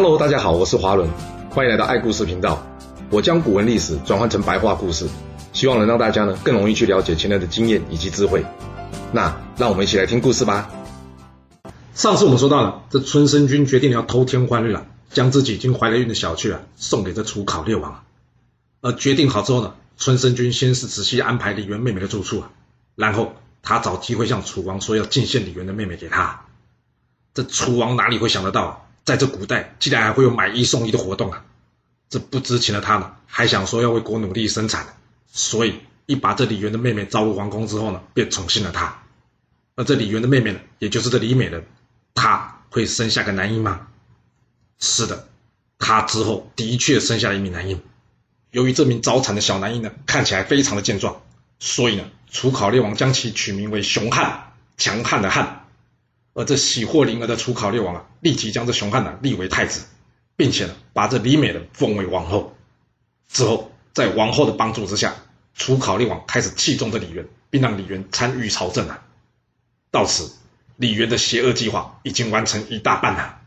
Hello，大家好，我是華倫，歡迎來到愛故事頻道。我將古文歷史轉換成白話故事，希望能讓大家呢更容易去了解前人的經驗以及智慧。那讓我們一起來聽故事吧。上次我們說到了，這春申君決定要偷天換日啊，將自己已經懷了孕的小妾啊送給這楚考烈王。而決定好之後呢，春申君先是仔細安排李園妹妹的住處啊，然後他找機會向楚王說要進獻李園的妹妹給他。這楚王哪裡會想得到啊？在這古代，竟然還會有買一送一的活動啊！這不知情的他呢，還想說要為國努力生產。所以，一把這李園的妹妹召入皇宮之後呢，便寵幸了她。那這李園的妹妹呢，也就是這李美人，她會生下個男嬰嗎？是的，她之後的確生下了一名男嬰。由於這名早產的小男嬰呢，看起來非常的健壯，所以呢，楚考烈王將其取名為熊悍，強悍的悍。而這喜獲麟兒的楚考烈王啊，立即將這熊悍呢、啊、立為太子，並且呢，把這李美人封為王後。之後，在王後的幫助之下，楚考烈王開始器重這李園，並讓李園參與朝政啊。到此，李園的邪惡計劃已經完成一大半了。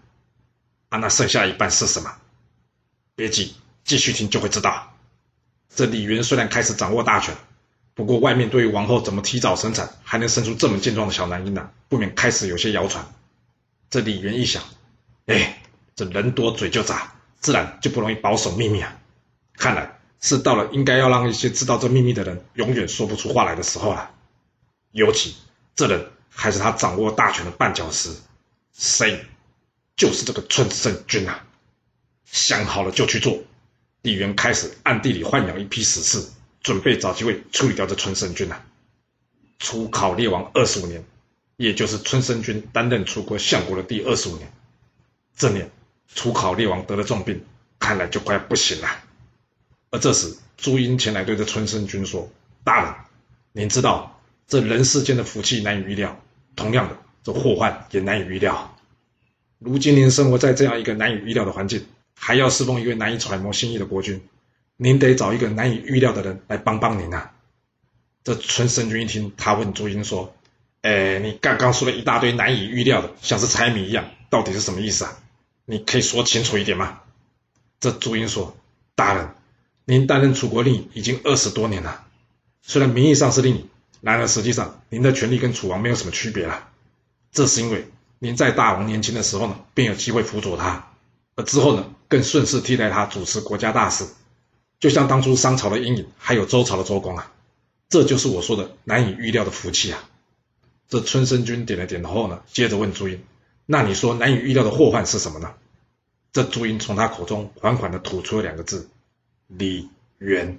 啊，那剩下一半是什麼？別急，繼續聽就會知道。這李園雖然開始掌握大權。不過，外面對於王后怎麼提早生產，還能生出這麼健壯的小男嬰呢、啊？不免開始有些謠傳。這李園一想，哎，這人多嘴就雜，自然就不容易保守秘密啊。看來是到了應該要讓一些知道這秘密的人永遠說不出話來的時候了、啊。尤其這人還是他掌握大權的絆腳石，誰？就是這個春申君啊！想好了就去做。李園開始暗地裡豢養一批死士。準備找機會處理掉這春申君吶！楚考烈王二十五年，也就是春申君擔任楚國相國的第二十五年，這年楚考烈王得了重病，看來就快不行了。而這時，朱英前來對這春申君說：“大人，您知道這人世間的福氣難以預料，同樣的，這禍患也難以預料。如今您生活在這樣一個難以預料的環境，還要侍奉一位難以揣摩心意的國君。”您得找一個難以預料的人來幫幫您啊！這春申君一聽，他問朱英說：“哎，你剛剛說了一大堆難以預料的，像是猜謎一樣，到底是什麼意思啊？你可以說清楚一點嗎？”這朱英說：“大人，您擔任楚國令已經二十多年了，雖然名義上是令尹，然而實際上您的權力跟楚王沒有什麼區別了。這是因為您在大王年輕的時候呢，便有機會輔佐他，而之後呢，更順勢替代他主持國家大事。”就像當初商朝的陰影，還有周朝的周公啊，這就是我說的難以預料的福氣啊！這春申君點了點頭後呢，接着問朱英：“那你說難以預料的禍患是什麼呢？”這朱英從他口中緩緩的吐出了兩個字：“李園。”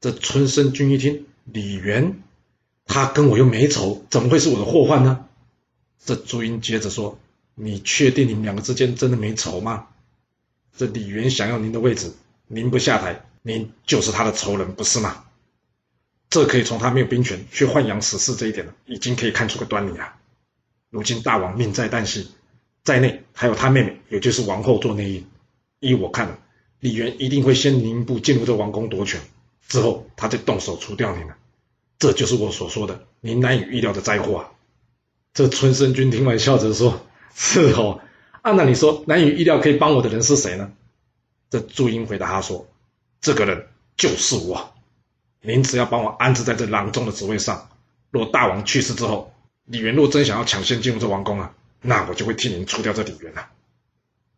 這春申君一聽李園，他跟我又沒仇，怎麼會是我的禍患呢？這朱英接着說：“你確定你們兩個之間真的沒仇嗎？”這李園想要您的位置。您不下台，您就是他的仇人，不是嗎？這可以從他沒有兵權去豢養死士這一點呢，已經可以看出個端倪了、啊。如今大王命在旦夕，在內還有他妹妹，也就是王后做內應。依我看，李園一定會先寧部進入這王宮奪權，之後他再動手除掉你呢。這就是我所說的您難以預料的災禍啊！這春申君聽完笑着說：“是哦，按道理說，難以預料可以幫我的人是誰呢？”這朱英回答他說：“這個人就是我，您只要幫我安置在這郎中的職位上。若大王去世之後，李園若真想要搶先進入這王宮啊，那我就會替您除掉這李園啊。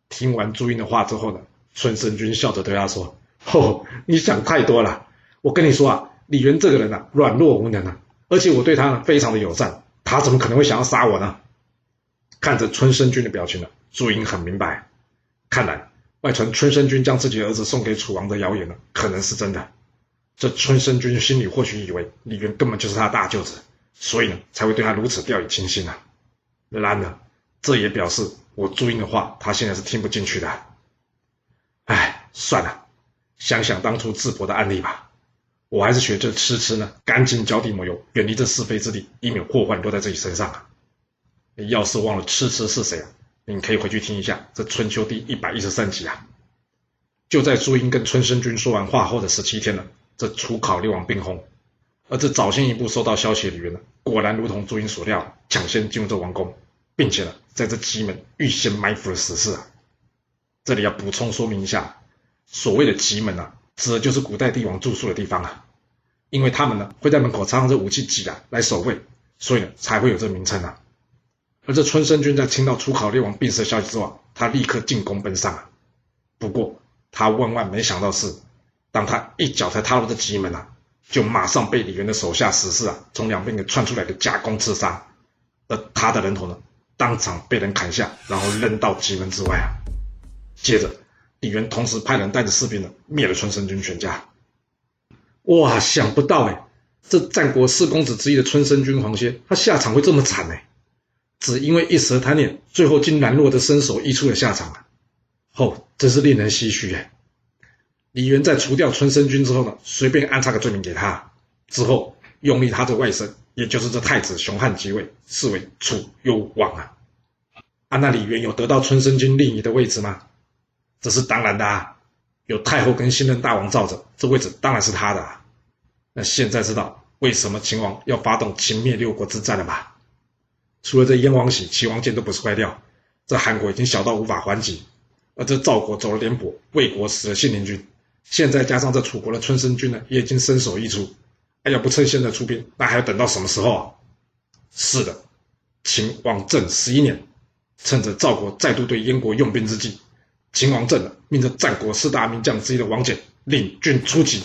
聽完朱英的話之後呢，春申君笑着對他說：“哦，你想太多了。我跟你說啊，李園這個人啊，軟弱無能啊，而且我對他呢，非常的友善，他怎麼可能會想要殺我呢？”看着春申君的表情呢、啊，朱英很明白，看來。外傳春申君將自己兒子送給楚王的謠言呢，可能是真的。這春申君心裡或許以為李園根本就是他大舅子，所以呢才會對他如此掉以輕心呢、啊。然呢，這也表示我朱英的話他現在是聽不進去的。哎，算了，想想當初智伯的案例吧，我還是學這絺疵呢，趕緊腳底抹油，遠離這是非之地，以免禍患落在自己身上啊。要是忘了絺疵是誰啊？你可以回去聽一下這《春秋》第一百一十三集啊，就在朱英跟春申君說完話後的十七天了、啊，這楚考烈王病薨，而這早先一步收到消息的李園呢，果然如同朱英所料，搶先進入這王宮，並且呢，在這戟門預先埋伏了死士啊。這裡要補充說明一下，所謂的戟門啊，指的就是古代帝王住宿的地方啊，因為他們呢會在門口插上這武器戟啊來守衛，所以呢才會有這名稱啊。而這春申君在聽到楚考烈王病逝的消息之後，他立刻進宮奔喪。不過，他萬萬沒想到是，當他一腳才踏入的棘門吶、啊，就馬上被李園的手下死士啊，從兩邊給竄出來的夾攻刺殺。而他的人頭呢，當場被人砍下，然後扔到棘門之外啊。接着，李園同時派人帶着士兵呢，滅了春申君全家。哇，想不到哎、欸，這戰國四公子之一的春申君黃歇，他下場會這麼慘呢、欸。只因為一時貪念，最後竟然落得身首異處的下場啊！哦，真是令人唏噓啊。李園在除掉春申君之後呢，隨便安插個罪名給他、啊，之後擁立他的外甥，也就是這太子熊漢即位，是為楚幽王啊！啊，那李園有得到春申君令尹的位置嗎？這是當然的啊，有太后跟新任大王罩着，這位置當然是他的。啊。那現在知道為什麼秦王要發動秦滅六國之戰了吧？除了這燕王喜，齊王建都不是塊料，這韓國已經小到無法還擊，而這趙國走了廉頗，魏國死了信陵君，現在加上這楚國的春申君呢，也已經身首異處。哎呀，要不趁現在出兵，那還要等到什麼時候啊？是的，秦王政十一年，趁着趙國再度對燕國用兵之際，秦王政命着戰國四大名將之一的王翦領軍出擊，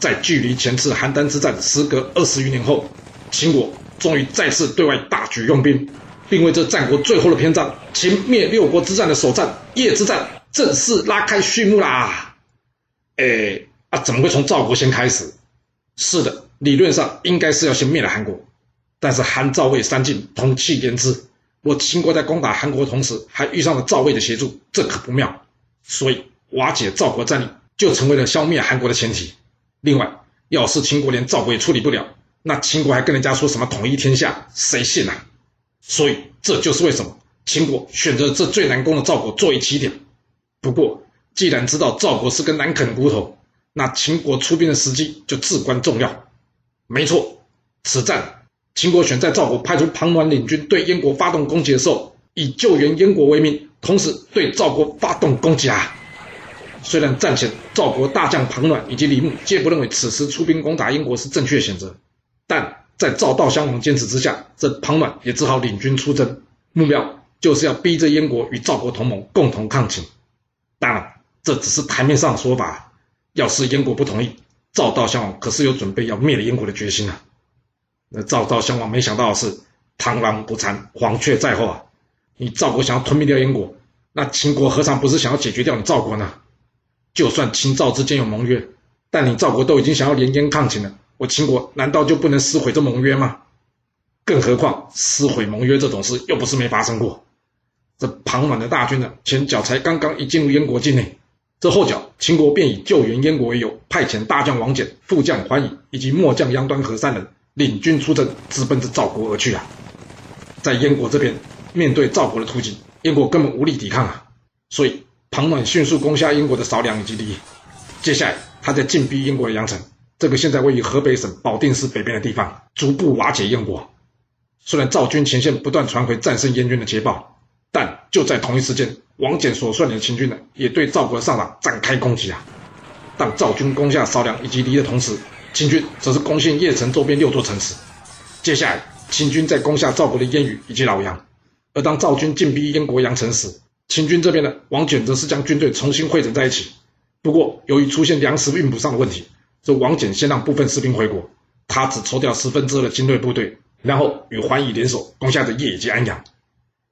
在距離前次邯鄲之戰時隔二十餘年後，秦國終於再次對外大舉用兵，並為這戰國最後的篇章——秦滅六國之戰的首戰——鄴之戰正式拉開序幕啦！哎，啊，怎麼會從趙國先開始？是的，理論上應該是要先滅了韓國，但是韓趙魏三晉同氣連枝，我秦國在攻打韓國的同時，還遇上了趙魏的協助，這可不妙。所以瓦解趙國戰力，就成為了消滅韓國的前提。另外，要是秦國連趙國也處理不了，那秦國還跟人家說什麼統一天下，誰信吶？啊？所以這就是為什麼秦國選擇這最難攻的趙國作為起點。不過，既然知道趙國是根難啃骨頭，那秦國出兵的時機就至關重要。沒錯，此戰秦國選在趙國派出龐暖領軍對燕國發動攻擊的時候，以救援燕國為名，同時對趙國發動攻擊啊。雖然戰前趙國大將龐暖以及李牧皆不認為此時出兵攻打燕國是正確選擇。但在趙悼襄王堅持之下，這龐暖也只好領軍出征，目標就是要逼着燕國與趙國同盟，共同抗秦。當然，這只是台面上的說法。要是燕國不同意，趙悼襄王可是有準備要滅了燕國的決心啊！那趙悼襄王沒想到的是，螳螂捕蟬，黃雀在後啊！你趙國想要吞滅掉燕國，那秦國何嘗不是想要解決掉你趙國呢？就算秦趙之間有盟約，但你趙國都已經想要聯燕抗秦了。我秦國難道就不能撕毀這盟約嗎？更何況撕毀盟約這種事又不是沒發生過。這龐暖的大軍呢、啊，前腳才剛剛一進入燕國境內，這後腳秦國便以救援燕國為由，派遣大將王翦、副將桓齮以及末將楊端和三人領軍出征，直奔着趙國而去啊。在燕國這邊，面對趙國的突擊，燕國根本無力抵抗啊。所以龐暖迅速攻下燕國的芍梁以及貍，接下來，他在進逼燕國的陽城。這個現在位於河北省保定市北邊的地方，逐步瓦解燕國，雖然趙軍前線不斷傳回戰勝燕軍的捷報，但就在同一時間，王翦所率領的秦軍呢，也對趙國的上黨展開攻擊啊。當趙軍攻下少梁以及黎的同時，秦軍則是攻陷鄴城周邊六座城池。接下來，秦軍在攻下趙國的閼與以及橑楊，而當趙軍進逼燕國陽城時，秦軍這邊呢，王翦則是將軍隊重新彙整在一起。不過，由於出現糧食運不上的問題。這王翦先讓部分士兵回國，他只抽調十分之二的精銳部隊，然後與桓齮聯手攻下了鄴以及安陽。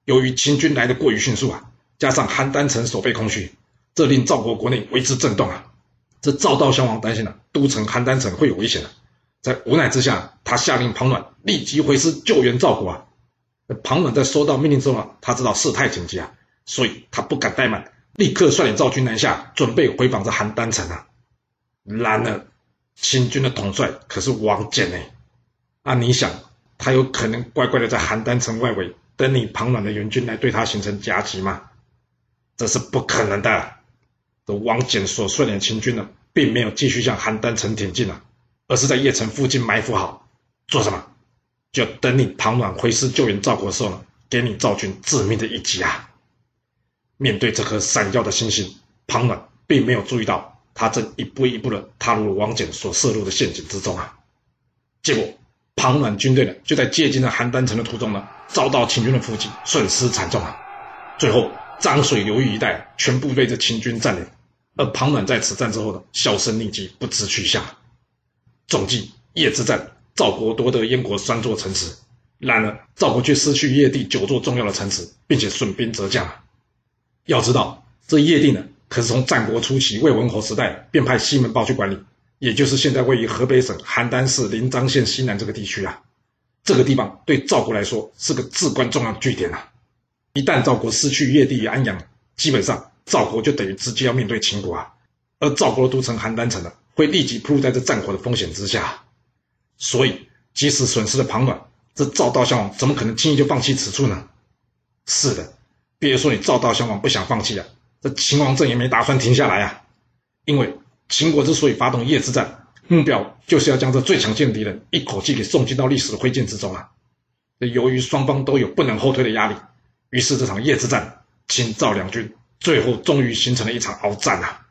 由於秦軍來的過於迅速啊，加上邯鄲城守備空虛，這令趙國國內為之震動啊。這趙悼襄王擔心了、啊，都城邯鄲城會有危險了、啊。在無奈之下，他下令龐暖立即回師救援趙國啊。龐暖在收到命令之後啊，他知道事態緊急啊，所以他不敢怠慢，立刻率領趙軍南下，準備回防這邯鄲城啊。然而。秦軍的統帥可是王翦呢，欸，那、啊、你想，他有可能乖乖的在邯鄲城外圍等你龐暖的援軍來對他形成夾擊嗎？這是不可能的、啊。這王翦所率領秦軍呢，並沒有繼續向邯鄲城挺進啊，而是在鄴城附近埋伏好，做什麼？就等你龐暖回師救援趙國時候呢，給你趙軍致命的一擊啊！面對這顆閃耀的星星，龐暖並沒有注意到。他正一步一步的踏入了王翦所設入的陷阱之中啊！結果龐暖軍隊呢，就在接近了邯鄲城的途中呢，遭到秦軍的伏擊，損失慘重啊！最後漳水流域一帶全部被這秦軍佔領，而龐暖在此戰之後呢，銷聲匿跡，不知去向。總計鄴之戰，趙國奪得燕國三座城池，然而趙國卻失去鄴地九座重要的城池，並且損兵折將啊！要知道這鄴地呢。可是從戰國初期魏文侯時代便派西門豹去管理，也就是現在位於河北省邯鄲市臨漳縣西南這個地區啊。這個地方對趙國來說是個至關重要的據點啊。一旦趙國失去鄴地與安陽，基本上趙國就等於直接要面對秦國啊。而趙國的都城邯鄲城呢，啊，會立即撲入在這戰火的風險之下。所以，即使損失的龐煖，這趙悼襄王怎麼可能輕易就放棄此處呢？是的，別說你趙悼襄王不想放棄了，啊。這秦王政也沒打算停下來啊，因為秦國之所以發動鄴之戰，目標就是要將這最強勁的敵人一口氣給送進到歷史的灰燼之中啊。由於雙方都有不能後退的壓力，於是這場鄴之戰，秦趙兩軍最後終於形成了一場鏖戰啊。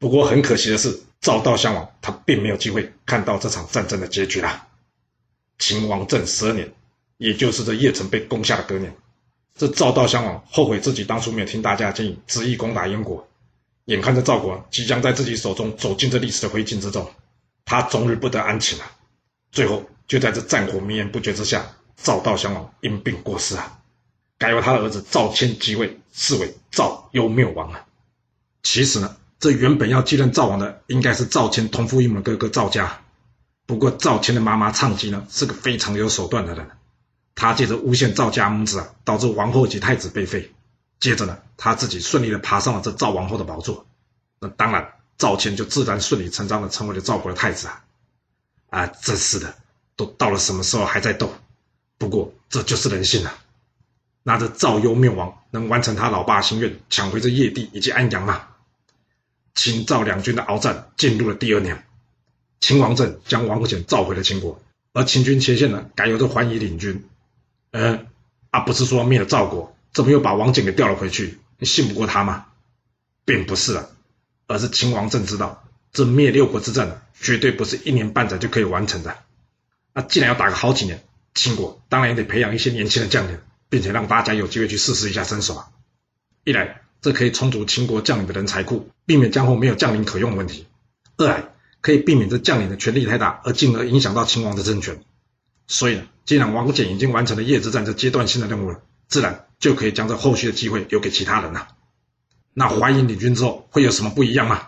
不過很可惜的是，趙悼襄王他並沒有機會看到這場戰爭的結局啦、啊。秦王政十二年，也就是這鄴城被攻下的隔年。這趙悼襄王後悔自己當初沒有聽大家建議，執意攻打燕國，眼看着趙國即將在自己手中走進這歷史的灰燼之中，他終日不得安寢啊。最後就在這戰火綿延不絕之下，趙悼襄王因病過世啊，改由他的兒子趙遷繼位，是為趙幽繆王啊。其實呢，這原本要繼任趙王的應該是趙遷同父異母哥哥趙嘉，不過趙遷的媽媽倡姬呢，是個非常有手段的人。他借着誣陷趙家母子啊，導致王后及太子被廢。接着呢，他自己順利的爬上了這趙王後的寶座。那當然，趙遷就自然順理成章的成為了趙國的太子啊！啊，真是的，都到了什麼時候還在鬥？不過，這就是人性啊！那這趙幽繆王，能完成他老爸心願，搶回這鄴地以及安陽嗎？秦趙兩軍的鏖戰進入了第二年。秦王政將王府遣召回了秦國，而秦軍前線呢，改由這桓齮領軍。呃，啊，不是說滅了趙國，怎麼又把王翦給調了回去？你信不過他嗎？並不是啊，而是秦王政知道，這滅六國之戰、啊、絕對不是一年半載就可以完成的。那、啊、既然要打個好幾年，秦國當然也得培養一些年輕的將領，並且讓大家有機會去試試一下身手啊。一來，這可以充足秦國將領的人才庫，避免將後沒有將領可用的問題；二來，可以避免這將領的權力太大，而進而影響到秦王的政權。所以，既然王翦已經完成了鄴之戰這階段性的任務了，自然就可以將這後續的機會留給其他人了。那桓齮領軍之後會有什麼不一樣嗎？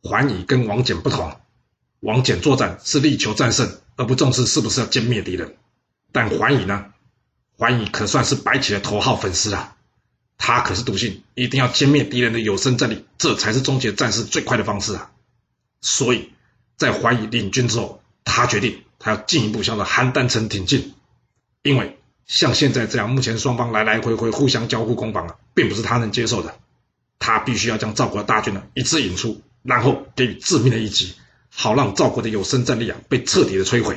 桓齮跟王翦不同，王翦作戰是力求戰勝，而不重視是不是要殲滅敵人。但桓齮呢？桓齮可算是白起的頭號粉絲啊，他可是篤信一定要殲滅敵人的有生戰力，這才是終結戰事最快的方式啊。所以在桓齮領軍之後，他決定。他要進一步向着邯鄲城挺進，因為像現在這樣，目前雙方來來回回互相交互攻防啊，並不是他能接受的。他必須要將趙國的大軍呢一次引出，然後給予致命的一擊，好讓趙國的有生戰力啊被徹底的摧毀。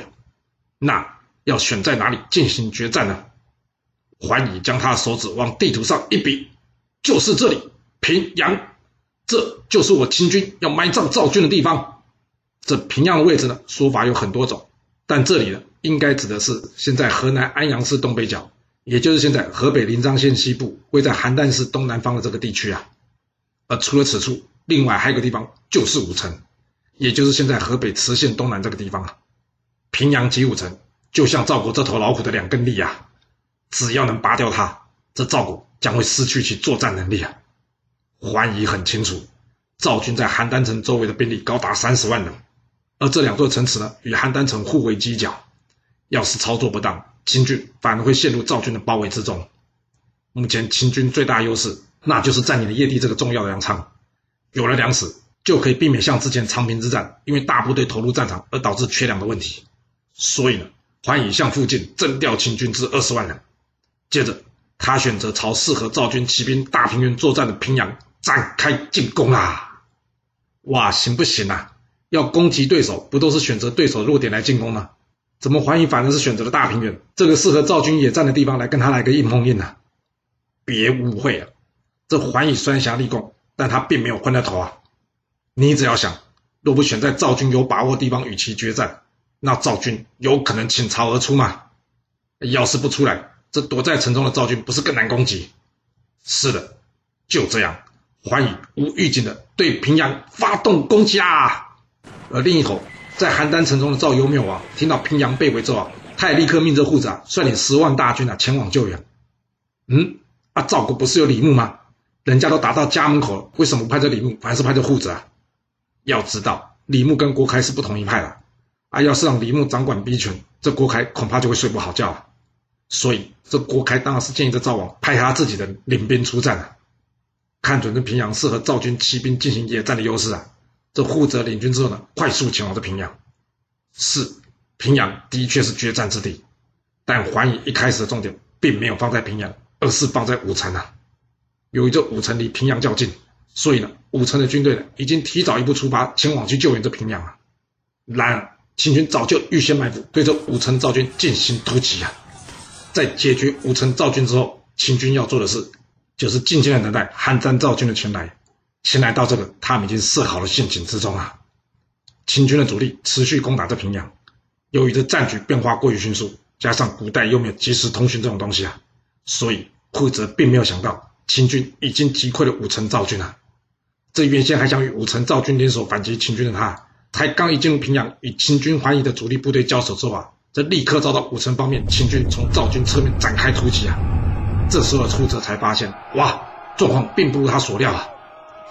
那要選在哪裡進行決戰呢？桓齮將他的手指往地圖上一比，就是這裡，平陽，這就是我秦軍要埋葬趙軍的地方。這平陽的位置呢，說法有很多種。但這裡呢，應該指的是現在河南安陽市東北角，也就是現在河北臨漳縣西部，位在邯鄲市東南方的這個地區啊。而除了此處，另外還有一個地方就是武城，也就是現在河北磁縣東南這個地方啊。平陽及武城就像趙國這頭老虎的兩根利牙啊，只要能拔掉它，這趙國將會失去其作戰能力啊。桓齮很清楚，趙軍在邯鄲城周圍的兵力高達三十萬人。而這兩座城池呢，與邯鄲城互為犄角，要是操作不當，秦軍反而會陷入趙軍的包圍之中。目前秦軍最大優勢，那就是佔領了鄴地這個重要的糧倉，有了糧食，就可以避免像之前長平之戰，因為大部隊投入戰場而導致缺糧的問題。所以呢，桓齮向附近徵調秦軍至二十萬人，接着他選擇朝適合趙軍騎兵大平原作戰的平陽展開進攻啊！哇，行不行啊？要攻擊對手，不都是選擇對手弱點來進攻嗎？怎麼桓齮反而是選擇了大平原，這個適合趙軍野戰的地方來跟他來個硬碰硬呢、啊？別誤會啊，這桓齮雖想立功，但他並沒有昏了頭啊。你只要想，若不選在趙軍有把握的地方與其決戰，那趙軍有可能傾巢而出嗎？要是不出來，這躲在城中的趙軍不是更難攻擊？是的，就這樣，桓齮無預警的對平陽發動攻擊啊！而另一頭，在邯鄲城中的趙幽繆王聽到平陽被圍之後，他也立刻命這扈輒啊，率領十萬大軍啊前往救援。嗯，啊，趙國不是有李牧嗎？人家都打到家門口了，為什麼不派這李牧，反而是派這扈輒啊？要知道，李牧跟郭開是不同一派的，啊，要是讓李牧掌管兵權，這郭開恐怕就會睡不好覺了。所以，這郭開當然是建議這趙王派他自己的領兵出戰了，看準這平陽適合趙軍騎兵進行野戰的優勢啊。這負責領軍之後呢，快速前往這平陽。是平陽的確是決戰之地，但桓齮一開始的重點並沒有放在平陽，而是放在武城啊。由於這武城離平陽較近，所以呢，武城的軍隊呢已經提早一步出發，前往去救援這平陽啊。然而，秦軍早就預先埋伏，對這武城趙軍進行突擊啊。在解決武城趙軍之後，秦軍要做的事就是靜靜的等待邯鄲趙軍的前來。先來到這個，他們已經設好了陷阱之中啊。秦軍的主力持續攻打著平陽，由於這戰局變化過於迅速，加上古代又沒有及時通訊這種東西啊，所以扈輒並沒有想到秦軍已經擊潰了武城趙軍啊。這原先還想與武城趙軍聯手反擊秦軍的他，才剛一進入平陽，與秦軍桓齮的主力部隊交手之後啊，這立刻遭到武城方面秦軍從趙軍側面展開突擊啊。這時候扈輒才發現，哇，狀況並不如他所料啊。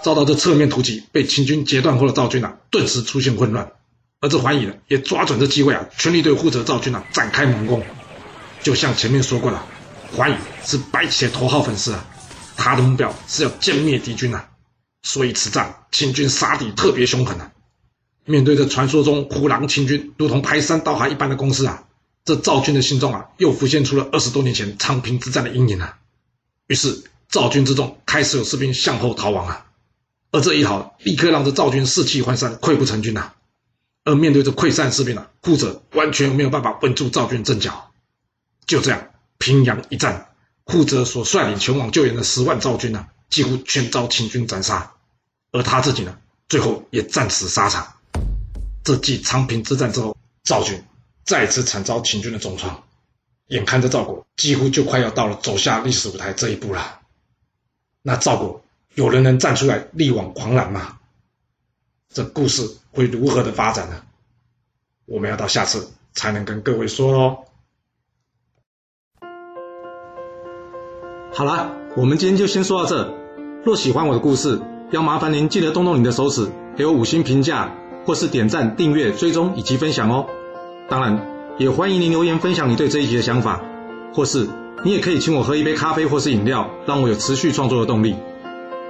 遭到這側面突襲，被秦軍截斷後的趙軍啊，頓時出現混亂。而這桓齮呢，也抓準這機會啊，全力對護着趙軍啊展開猛攻。就像前面說過的，桓齮是白起的頭號粉絲啊，他的目標是要殲滅敵軍啊，所以此戰秦軍殺敵特別凶狠啊。面對着傳說中虎狼秦軍，如同排山倒海一般的攻勢啊，這趙軍的心中啊，又浮現出了二十多年前長平之戰的陰影啊。於是趙軍之中開始有士兵向後逃亡啊。而這一逃，立刻讓這趙軍士氣渙散，潰不成軍吶、啊。而面對這潰散士兵啊，扈輒完全沒有辦法穩住趙軍陣腳。就這樣，平陽一戰，扈輒所率領前往救援的十萬趙軍吶，幾乎全遭秦軍斬殺。而他自己呢，最後也戰死沙場。這繼長平之戰之後，趙軍再次慘遭秦軍的重創，眼看着趙國幾乎就快要到了走下歷史舞台這一步了。那趙國。有人能站出來力挽狂瀾嗎、啊？這故事會如何的發展呢、啊？我們要到下次才能跟各位說囉。好了，我們今天就先說到這。若喜歡我的故事，要麻煩您記得動動您的手指，給我五星評價，或是點贊、訂閱、追蹤以及分享哦。當然，也歡迎您留言分享你對這一集的想法，或是你也可以請我喝一杯咖啡或是飲料，讓我有持續創作的動力。